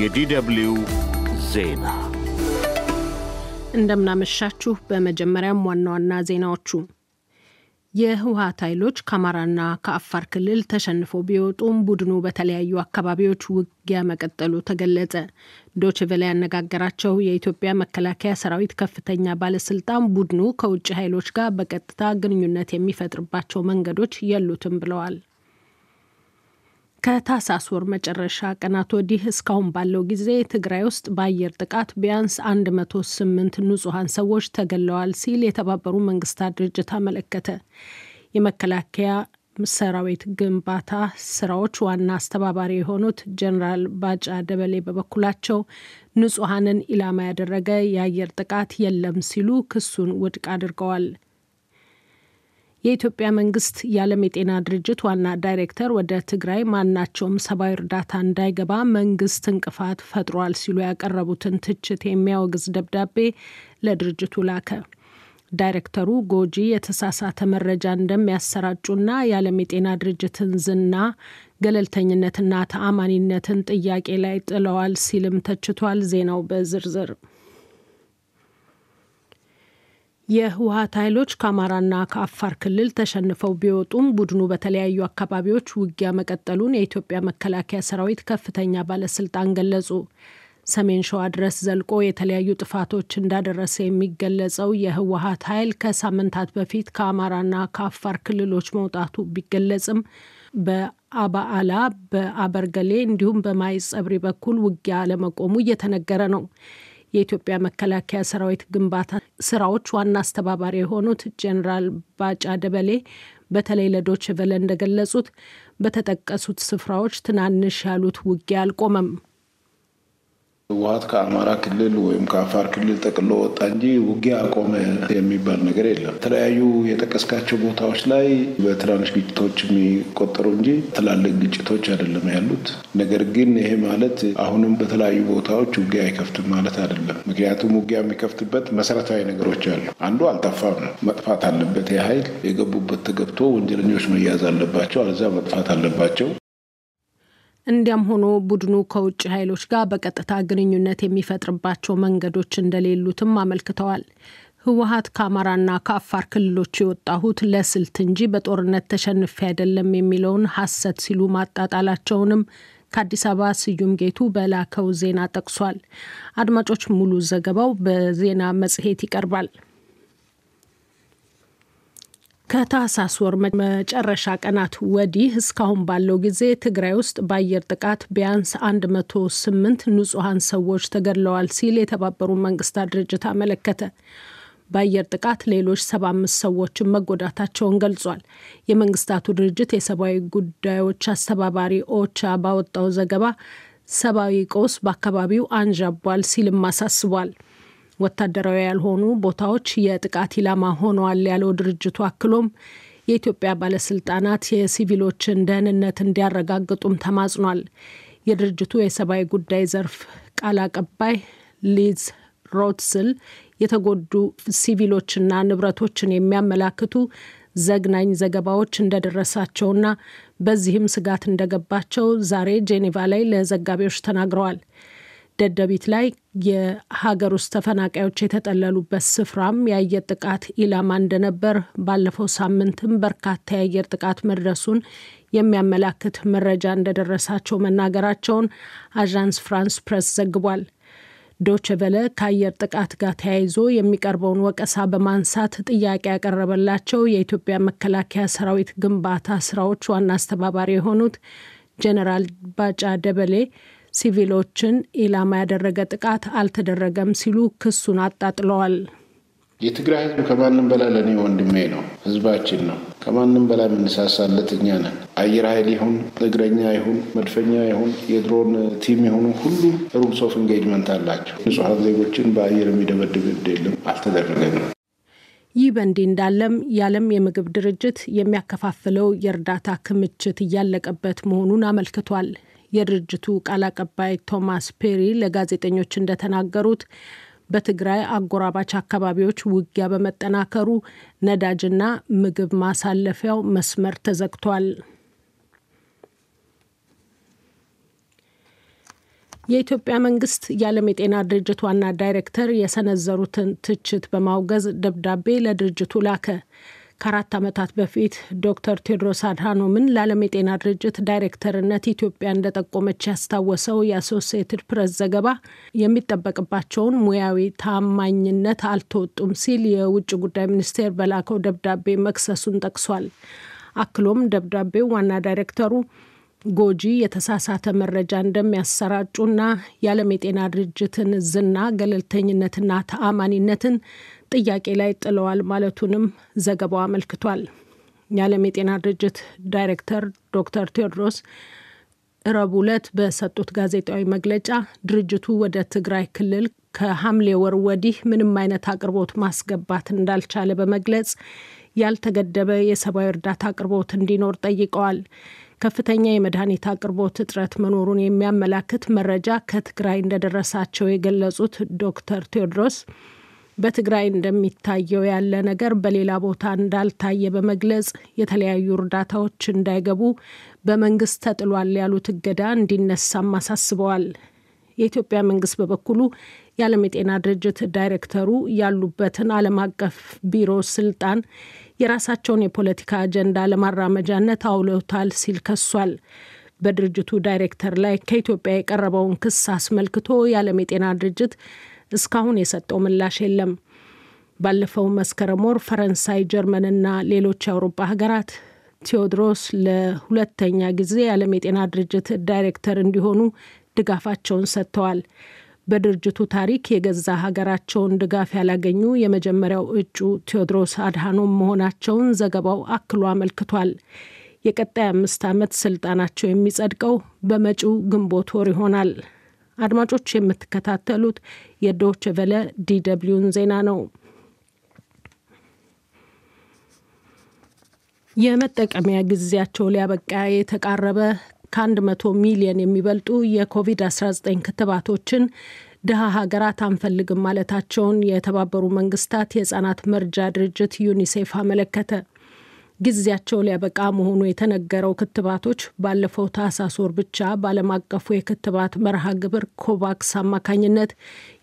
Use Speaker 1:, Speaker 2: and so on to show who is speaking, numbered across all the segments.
Speaker 1: የዲደብልዩ ዜና እንደምናመሻችሁ። በመጀመሪያም ዋና ዋና ዜናዎቹ የህወሀት ኃይሎች ከአማራና ከአፋር ክልል ተሸንፎ ቢወጡም ቡድኑ በተለያዩ አካባቢዎች ውጊያ መቀጠሉ ተገለጸ። ዶችቨለ ያነጋገራቸው የኢትዮጵያ መከላከያ ሰራዊት ከፍተኛ ባለስልጣን ቡድኑ ከውጭ ኃይሎች ጋር በቀጥታ ግንኙነት የሚፈጥርባቸው መንገዶች የሉትም ብለዋል። ከታህሳስ ወር መጨረሻ ቀናት ወዲህ እስካሁን ባለው ጊዜ ትግራይ ውስጥ በአየር ጥቃት ቢያንስ 108 ንጹሐን ሰዎች ተገለዋል ሲል የተባበሩ መንግስታት ድርጅት አመለከተ። የመከላከያ ሰራዊት ግንባታ ስራዎች ዋና አስተባባሪ የሆኑት ጀኔራል ባጫ ደበሌ በበኩላቸው ንጹሐንን ኢላማ ያደረገ የአየር ጥቃት የለም ሲሉ ክሱን ውድቅ አድርገዋል። የኢትዮጵያ መንግስት የዓለም የጤና ድርጅት ዋና ዳይሬክተር ወደ ትግራይ ማናቸውም ሰብአዊ እርዳታ እንዳይገባ መንግስት እንቅፋት ፈጥሯል ሲሉ ያቀረቡትን ትችት የሚያወግዝ ደብዳቤ ለድርጅቱ ላከ። ዳይሬክተሩ ጎጂ የተሳሳተ መረጃ እንደሚያሰራጩና የዓለም የጤና ድርጅትን ዝና ገለልተኝነትና ተአማኒነትን ጥያቄ ላይ ጥለዋል ሲልም ተችቷል። ዜናው በዝርዝር የህወሀት ኃይሎች ከአማራና ከአፋር ክልል ተሸንፈው ቢወጡም ቡድኑ በተለያዩ አካባቢዎች ውጊያ መቀጠሉን የኢትዮጵያ መከላከያ ሰራዊት ከፍተኛ ባለስልጣን ገለጹ። ሰሜን ሸዋ ድረስ ዘልቆ የተለያዩ ጥፋቶች እንዳደረሰ የሚገለጸው የህወሀት ኃይል ከሳምንታት በፊት ከአማራና ከአፋር ክልሎች መውጣቱ ቢገለጽም በአባአላ በአበርገሌ እንዲሁም በማይ በኩል ውጊያ አለመቆሙ እየተነገረ ነው። የኢትዮጵያ መከላከያ ሰራዊት ግንባታ ስራዎች ዋና አስተባባሪ የሆኑት ጄኔራል ባጫ ደበሌ በተለይ ለዶች ቬለ እንደገለጹት በተጠቀሱት ስፍራዎች ትናንሽ ያሉት ውጊያ አልቆመም። ህወሀት ከአማራ ክልል ወይም ከአፋር ክልል ጠቅሎ ወጣ እንጂ ውጊያ አቆመ የሚባል ነገር የለም። የተለያዩ የጠቀስካቸው ቦታዎች ላይ በትናንሽ ግጭቶች የሚቆጠሩ እንጂ ትላልቅ ግጭቶች አይደለም ያሉት። ነገር ግን ይሄ ማለት አሁንም በተለያዩ ቦታዎች ውጊያ አይከፍትም ማለት አይደለም። ምክንያቱም ውጊያ የሚከፍትበት መሰረታዊ ነገሮች አሉ። አንዱ አልጠፋም ነው፣ መጥፋት አለበት። የኃይል የገቡበት ተገብቶ ወንጀለኞች መያዝ አለባቸው፣ አለዛ መጥፋት አለባቸው። እንዲያም ሆኖ ቡድኑ ከውጭ ኃይሎች ጋር በቀጥታ ግንኙነት የሚፈጥርባቸው መንገዶች እንደሌሉትም አመልክተዋል። ህወሀት ከአማራና ከአፋር ክልሎች የወጣሁት ለስልት እንጂ በጦርነት ተሸንፌ አይደለም የሚለውን ሐሰት ሲሉ ማጣጣላቸውንም ከአዲስ አበባ ስዩም ጌቱ በላከው ዜና ጠቅሷል። አድማጮች፣ ሙሉ ዘገባው በዜና መጽሔት ይቀርባል። ከታህሳስ ወር መጨረሻ ቀናት ወዲህ እስካሁን ባለው ጊዜ ትግራይ ውስጥ በአየር ጥቃት ቢያንስ 18 ንጹሐን ሰዎች ተገድለዋል ሲል የተባበሩ መንግስታት ድርጅት አመለከተ። በአየር ጥቃት ሌሎች 75 ሰዎችን መጎዳታቸውን ገልጿል። የመንግስታቱ ድርጅት የሰብአዊ ጉዳዮች አስተባባሪ ኦቻ ባወጣው ዘገባ ሰብአዊ ቀውስ በአካባቢው አንዣቧል ሲልም አሳስቧል። ወታደራዊ ያልሆኑ ቦታዎች የጥቃት ኢላማ ሆነዋል ያለው ድርጅቱ አክሎም የኢትዮጵያ ባለስልጣናት የሲቪሎችን ደህንነት እንዲያረጋግጡም ተማጽኗል። የድርጅቱ የሰብአዊ ጉዳይ ዘርፍ ቃል አቀባይ ሊዝ ሮትስል የተጎዱ ሲቪሎችና ንብረቶችን የሚያመላክቱ ዘግናኝ ዘገባዎች እንደደረሳቸውና በዚህም ስጋት እንደገባቸው ዛሬ ጄኔቫ ላይ ለዘጋቢዎች ተናግረዋል። ደደቢት ላይ የሀገር ውስጥ ተፈናቃዮች የተጠለሉበት ስፍራም የአየር ጥቃት ኢላማ እንደነበር ባለፈው ሳምንትም በርካታ የአየር ጥቃት መድረሱን የሚያመላክት መረጃ እንደደረሳቸው መናገራቸውን አዣንስ ፍራንስ ፕሬስ ዘግቧል። ዶች ከአየር ጥቃት ጋር ተያይዞ የሚቀርበውን ወቀሳ በማንሳት ጥያቄ ያቀረበላቸው የኢትዮጵያ መከላከያ ሰራዊት ግንባታ ስራዎች ዋና አስተባባሪ የሆኑት ጀነራል ባጫ ደበሌ ሲቪሎችን ኢላማ ያደረገ ጥቃት አልተደረገም ሲሉ ክሱን አጣጥለዋል። የትግራይ ህዝብ ከማንም በላይ ለእኔ ወንድሜ ነው። ህዝባችን ነው። ከማንም በላይ የምንሳሳለት እኛ ነን። አየር ኃይል ይሁን እግረኛ ይሁን መድፈኛ ይሁን የድሮን ቲም የሆኑ ሁሉ ሩልስ ኦፍ ኢንጌጅመንት አላቸው። ንጹሐን ዜጎችን በአየር የሚደበድብ የለም፣ አልተደረገም። ይህ በእንዲህ እንዳለም የዓለም የምግብ ድርጅት የሚያከፋፍለው የእርዳታ ክምችት እያለቀበት መሆኑን አመልክቷል። የድርጅቱ ቃል አቀባይ ቶማስ ፔሪ ለጋዜጠኞች እንደተናገሩት በትግራይ አጎራባች አካባቢዎች ውጊያ በመጠናከሩ ነዳጅና ምግብ ማሳለፊያው መስመር ተዘግቷል። የኢትዮጵያ መንግስት የዓለም የጤና ድርጅት ዋና ዳይሬክተር የሰነዘሩትን ትችት በማውገዝ ደብዳቤ ለድርጅቱ ላከ። ከአራት ዓመታት በፊት ዶክተር ቴድሮስ አድሃኖምን ለዓለም የጤና ድርጅት ዳይሬክተርነት ኢትዮጵያ እንደጠቆመች ያስታወሰው የአሶሲየትድ ፕሬስ ዘገባ የሚጠበቅባቸውን ሙያዊ ታማኝነት አልተወጡም ሲል የውጭ ጉዳይ ሚኒስቴር በላከው ደብዳቤ መክሰሱን ጠቅሷል። አክሎም ደብዳቤው ዋና ዳይሬክተሩ ጎጂ የተሳሳተ መረጃ እንደሚያሰራጩና የዓለም የጤና ድርጅትን ዝና ገለልተኝነትና ተአማኒነትን ጥያቄ ላይ ጥለዋል ማለቱንም ዘገባው አመልክቷል። የዓለም የጤና ድርጅት ዳይሬክተር ዶክተር ቴዎድሮስ ረብ ሁለት በሰጡት ጋዜጣዊ መግለጫ ድርጅቱ ወደ ትግራይ ክልል ከሐምሌ ወር ወዲህ ምንም አይነት አቅርቦት ማስገባት እንዳልቻለ በመግለጽ ያልተገደበ የሰብአዊ እርዳታ አቅርቦት እንዲኖር ጠይቀዋል። ከፍተኛ የመድኃኒት አቅርቦት እጥረት መኖሩን የሚያመላክት መረጃ ከትግራይ እንደደረሳቸው የገለጹት ዶክተር ቴዎድሮስ በትግራይ እንደሚታየው ያለ ነገር በሌላ ቦታ እንዳልታየ በመግለጽ የተለያዩ እርዳታዎች እንዳይገቡ በመንግስት ተጥሏል ያሉት እገዳ እንዲነሳም አሳስበዋል። የኢትዮጵያ መንግስት በበኩሉ የዓለም የጤና ድርጅት ዳይሬክተሩ ያሉበትን ዓለም አቀፍ ቢሮ ስልጣን የራሳቸውን የፖለቲካ አጀንዳ ለማራመጃነት አውለውታል ሲል ከሷል። በድርጅቱ ዳይሬክተር ላይ ከኢትዮጵያ የቀረበውን ክስ አስመልክቶ የዓለም የጤና ድርጅት እስካሁን የሰጠው ምላሽ የለም። ባለፈው መስከረም ወር ፈረንሳይ፣ ጀርመንና ሌሎች የአውሮፓ ሀገራት ቴዎድሮስ ለሁለተኛ ጊዜ የዓለም የጤና ድርጅት ዳይሬክተር እንዲሆኑ ድጋፋቸውን ሰጥተዋል። በድርጅቱ ታሪክ የገዛ ሀገራቸውን ድጋፍ ያላገኙ የመጀመሪያው እጩ ቴዎድሮስ አድሃኖም መሆናቸውን ዘገባው አክሎ አመልክቷል። የቀጣይ አምስት ዓመት ስልጣናቸው የሚጸድቀው በመጪው ግንቦት ወር ይሆናል። አድማጮች የምትከታተሉት የዶች ቨለ ዲደብሊውን ዜና ነው። የመጠቀሚያ ጊዜያቸው ሊያበቃ የተቃረበ ከ100 ሚሊዮን የሚበልጡ የኮቪድ-19 ክትባቶችን ድሃ ሀገራት አንፈልግም ማለታቸውን የተባበሩ መንግስታት የህጻናት መርጃ ድርጅት ዩኒሴፍ አመለከተ። ጊዜያቸው ሊያበቃ መሆኑ የተነገረው ክትባቶች ባለፈው ታህሳስ ወር ብቻ በዓለም አቀፉ የክትባት መርሃ ግብር ኮቫክስ አማካኝነት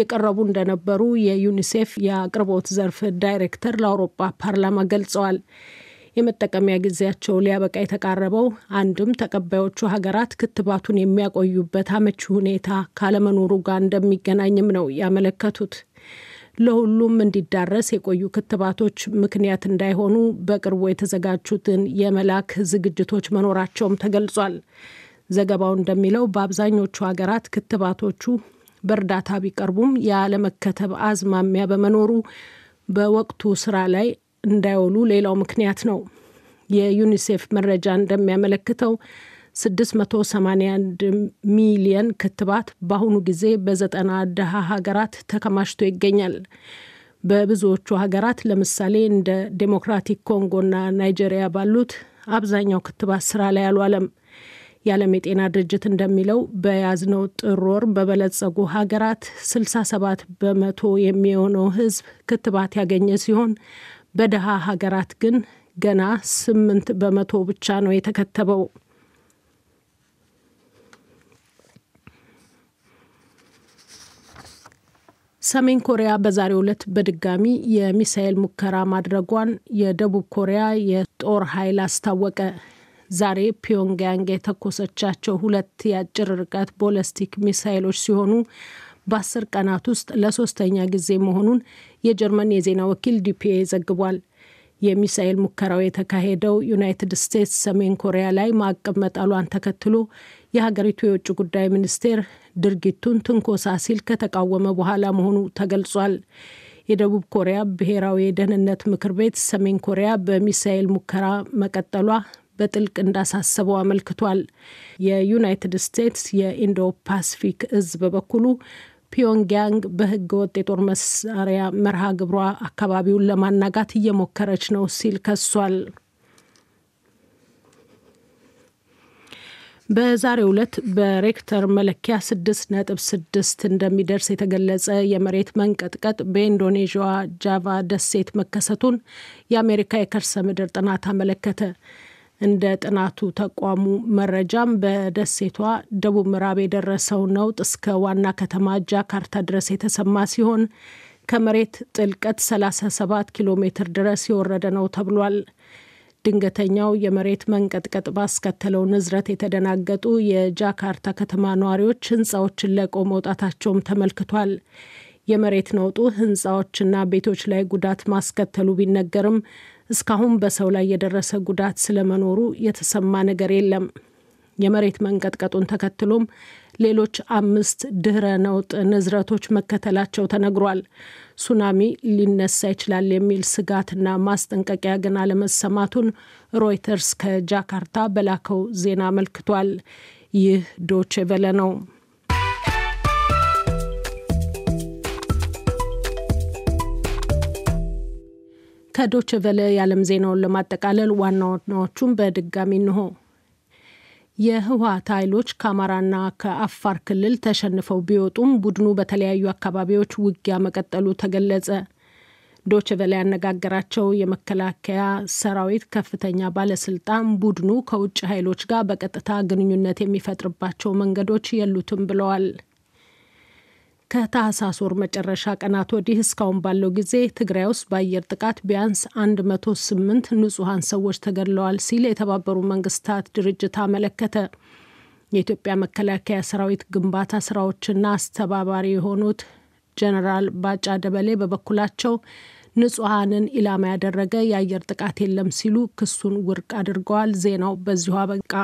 Speaker 1: የቀረቡ እንደነበሩ የዩኒሴፍ የአቅርቦት ዘርፍ ዳይሬክተር ለአውሮፓ ፓርላማ ገልጸዋል። የመጠቀሚያ ጊዜያቸው ሊያበቃ የተቃረበው አንድም ተቀባዮቹ ሀገራት ክትባቱን የሚያቆዩበት አመቺ ሁኔታ ካለመኖሩ ጋር እንደሚገናኝም ነው ያመለከቱት። ለሁሉም እንዲዳረስ የቆዩ ክትባቶች ምክንያት እንዳይሆኑ በቅርቡ የተዘጋጁትን የመላክ ዝግጅቶች መኖራቸውም ተገልጿል። ዘገባው እንደሚለው በአብዛኞቹ ሀገራት ክትባቶቹ በእርዳታ ቢቀርቡም ያለመከተብ አዝማሚያ በመኖሩ በወቅቱ ስራ ላይ እንዳይውሉ ሌላው ምክንያት ነው። የዩኒሴፍ መረጃ እንደሚያመለክተው 681 ሚሊየን ክትባት በአሁኑ ጊዜ በዘጠና ድሃ ሀገራት ተከማችቶ ይገኛል። በብዙዎቹ ሀገራት ለምሳሌ እንደ ዴሞክራቲክ ኮንጎና ናይጄሪያ ባሉት አብዛኛው ክትባት ስራ ላይ አልዋለም። የዓለም የጤና ድርጅት እንደሚለው በያዝነው ጥር ወር በበለጸጉ ሀገራት 67 በመቶ የሚሆነው ህዝብ ክትባት ያገኘ ሲሆን በደሃ ሀገራት ግን ገና ስምንት በመቶ ብቻ ነው የተከተበው። ሰሜን ኮሪያ በዛሬው ዕለት በድጋሚ የሚሳኤል ሙከራ ማድረጓን የደቡብ ኮሪያ የጦር ኃይል አስታወቀ። ዛሬ ፒዮንግያንግ የተኮሰቻቸው ሁለት የአጭር ርቀት ቦለስቲክ ሚሳይሎች ሲሆኑ በአስር ቀናት ውስጥ ለሶስተኛ ጊዜ መሆኑን የጀርመን የዜና ወኪል ዲፒኤ ዘግቧል። የሚሳኤል ሙከራው የተካሄደው ዩናይትድ ስቴትስ ሰሜን ኮሪያ ላይ ማዕቀብ መጣሏን ተከትሎ የሀገሪቱ የውጭ ጉዳይ ሚኒስቴር ድርጊቱን ትንኮሳ ሲል ከተቃወመ በኋላ መሆኑ ተገልጿል። የደቡብ ኮሪያ ብሔራዊ የደህንነት ምክር ቤት ሰሜን ኮሪያ በሚሳኤል ሙከራ መቀጠሏ በጥልቅ እንዳሳሰበው አመልክቷል። የዩናይትድ ስቴትስ የኢንዶ ፓሲፊክ እዝ በበኩሉ ፒዮንግያንግ በህገ ወጥ የጦር መሳሪያ መርሃ ግብሯ አካባቢውን ለማናጋት እየሞከረች ነው ሲል ከሷል። በዛሬው ዕለት በሬክተር መለኪያ ስድስት ነጥብ ስድስት እንደሚደርስ የተገለጸ የመሬት መንቀጥቀጥ በኢንዶኔዥያ ጃቫ ደሴት መከሰቱን የአሜሪካ የከርሰ ምድር ጥናት አመለከተ። እንደ ጥናቱ ተቋሙ መረጃም በደሴቷ ደቡብ ምዕራብ የደረሰው ነውጥ እስከ ዋና ከተማ ጃካርታ ድረስ የተሰማ ሲሆን ከመሬት ጥልቀት 37 ኪሎ ሜትር ድረስ የወረደ ነው ተብሏል። ድንገተኛው የመሬት መንቀጥቀጥ ባስከተለው ንዝረት የተደናገጡ የጃካርታ ከተማ ነዋሪዎች ህንፃዎችን ለቆ መውጣታቸውም ተመልክቷል። የመሬት ነውጡ ህንፃዎችና ቤቶች ላይ ጉዳት ማስከተሉ ቢነገርም እስካሁን በሰው ላይ የደረሰ ጉዳት ስለመኖሩ የተሰማ ነገር የለም። የመሬት መንቀጥቀጡን ተከትሎም ሌሎች አምስት ድህረ ነውጥ ንዝረቶች መከተላቸው ተነግሯል። ሱናሚ ሊነሳ ይችላል የሚል ስጋትና ማስጠንቀቂያ ግን አለመሰማቱን ሮይተርስ ከጃካርታ በላከው ዜና አመልክቷል። ይህ ዶቼ ቬለ ነው። ከዶች ቨለ የዓለም ዜናውን ለማጠቃለል ዋና ዋናዎቹን በድጋሚ እንሆ። የህወሀት ኃይሎች ከአማራና ከአፋር ክልል ተሸንፈው ቢወጡም ቡድኑ በተለያዩ አካባቢዎች ውጊያ መቀጠሉ ተገለጸ። ዶች ቨለ ያነጋገራቸው የመከላከያ ሰራዊት ከፍተኛ ባለስልጣን ቡድኑ ከውጭ ኃይሎች ጋር በቀጥታ ግንኙነት የሚፈጥርባቸው መንገዶች የሉትም ብለዋል። ከታህሳስ ወር መጨረሻ ቀናት ወዲህ እስካሁን ባለው ጊዜ ትግራይ ውስጥ በአየር ጥቃት ቢያንስ 108 ንጹሐን ሰዎች ተገድለዋል ሲል የተባበሩት መንግስታት ድርጅት አመለከተ። የኢትዮጵያ መከላከያ ሰራዊት ግንባታ ስራዎችና አስተባባሪ የሆኑት ጀነራል ባጫ ደበሌ በበኩላቸው ንጹሐንን ኢላማ ያደረገ የአየር ጥቃት የለም ሲሉ ክሱን ውድቅ አድርገዋል። ዜናው በዚሁ አበቃ።